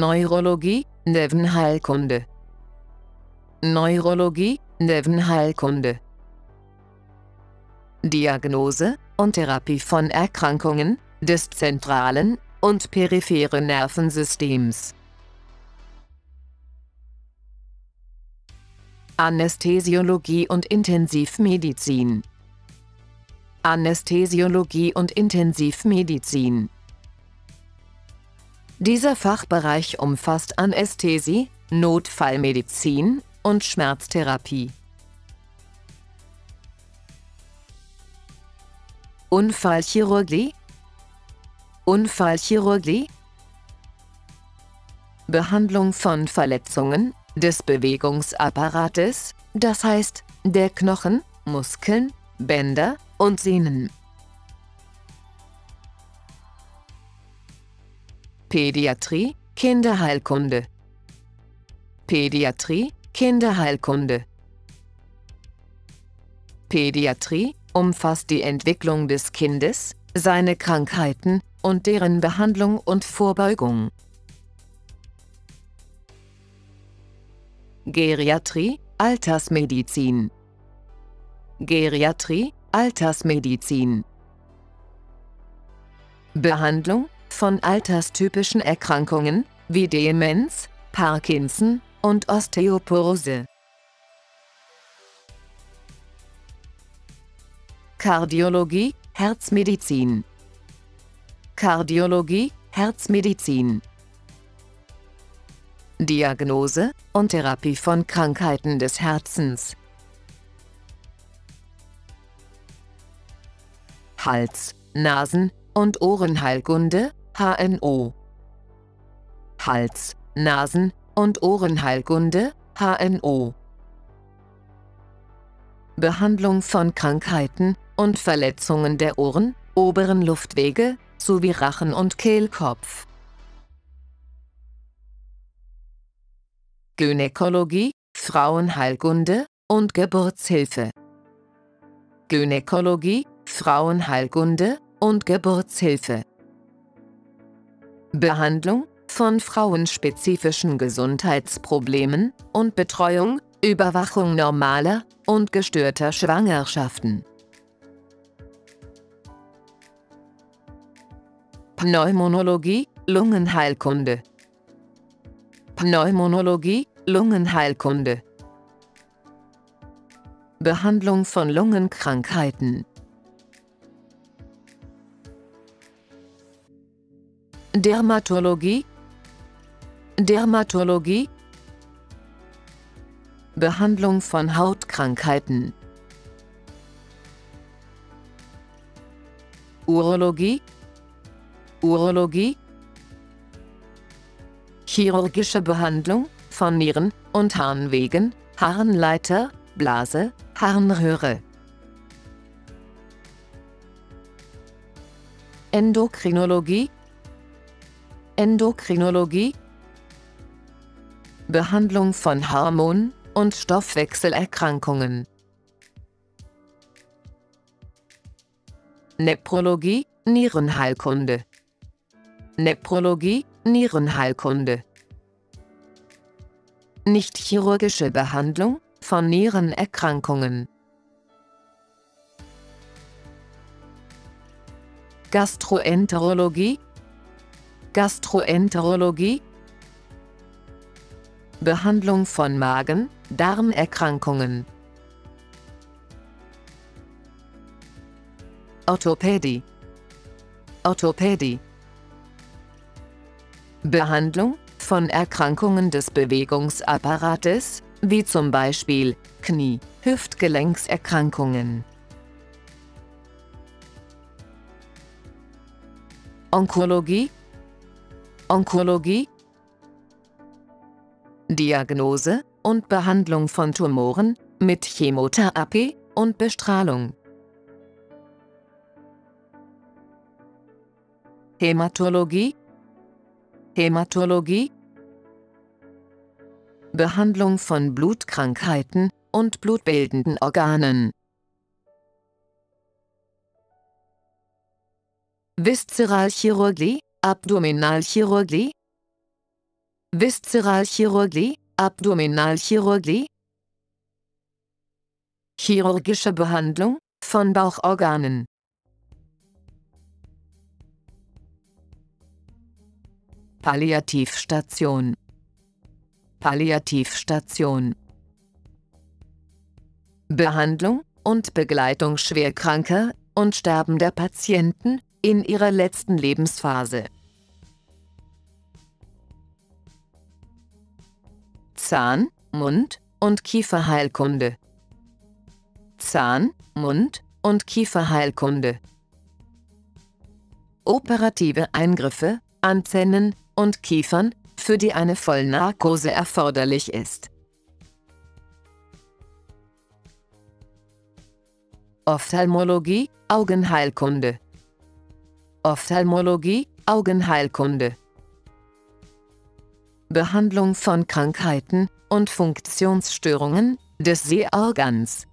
Neurologie, Nervenheilkunde. Neurologie, Nervenheilkunde. Diagnose und Therapie von Erkrankungen des zentralen und peripheren Nervensystems. Anästhesiologie und Intensivmedizin Anästhesiologie und Intensivmedizin dieser Fachbereich umfasst Anästhesie, Notfallmedizin und Schmerztherapie. Unfallchirurgie Unfallchirurgie Behandlung von Verletzungen des Bewegungsapparates, das heißt der Knochen, Muskeln, Bänder und Sehnen. Pädiatrie, Kinderheilkunde. Pädiatrie, Kinderheilkunde. Pädiatrie umfasst die Entwicklung des Kindes, seine Krankheiten und deren Behandlung und Vorbeugung. Geriatrie, Altersmedizin. Geriatrie, Altersmedizin. Behandlung, von alterstypischen Erkrankungen, wie Demenz, Parkinson und Osteoporose. Kardiologie, Herzmedizin Kardiologie, Herzmedizin Diagnose und Therapie von Krankheiten des Herzens Hals, Nasen- und Ohrenheilkunde HNO. Hals, Nasen- und Ohrenheilkunde, HNO. Behandlung von Krankheiten und Verletzungen der Ohren, oberen Luftwege sowie Rachen- und Kehlkopf. Gynäkologie, Frauenheilkunde und Geburtshilfe. Gynäkologie, Frauenheilkunde und Geburtshilfe. Behandlung von frauenspezifischen Gesundheitsproblemen und Betreuung, Überwachung normaler und gestörter Schwangerschaften. Pneumonologie, Lungenheilkunde Pneumonologie, Lungenheilkunde Behandlung von Lungenkrankheiten Dermatologie Dermatologie Behandlung von Hautkrankheiten Urologie Urologie Chirurgische Behandlung von Nieren- und Harnwegen, Harnleiter, Blase, Harnröhre. Endokrinologie Endokrinologie Behandlung von Hormon- und Stoffwechselerkrankungen Neprologie, Nierenheilkunde Neprologie, Nierenheilkunde Nichtchirurgische Behandlung von Nierenerkrankungen Gastroenterologie, Gastroenterologie Behandlung von Magen, Darmerkrankungen Orthopädie Orthopädie Behandlung von Erkrankungen des Bewegungsapparates, wie zum Beispiel Knie, Hüftgelenkserkrankungen. Onkologie Onkologie, Diagnose und Behandlung von Tumoren mit Chemotherapie und Bestrahlung. Hämatologie Hämatologie Behandlung von Blutkrankheiten und blutbildenden Organen. Viszeralchirurgie Abdominalchirurgie Viszeralchirurgie, Abdominalchirurgie Chirurgische Behandlung von Bauchorganen Palliativstation Palliativstation Behandlung und Begleitung schwerkranker und sterbender Patienten in ihrer letzten Lebensphase Zahn, Mund und Kieferheilkunde. Zahn, Mund und Kieferheilkunde. Operative Eingriffe an Zähnen und Kiefern, für die eine Vollnarkose erforderlich ist. Ophthalmologie, Augenheilkunde. Ophthalmologie, Augenheilkunde. Behandlung von Krankheiten und Funktionsstörungen des Sehorgans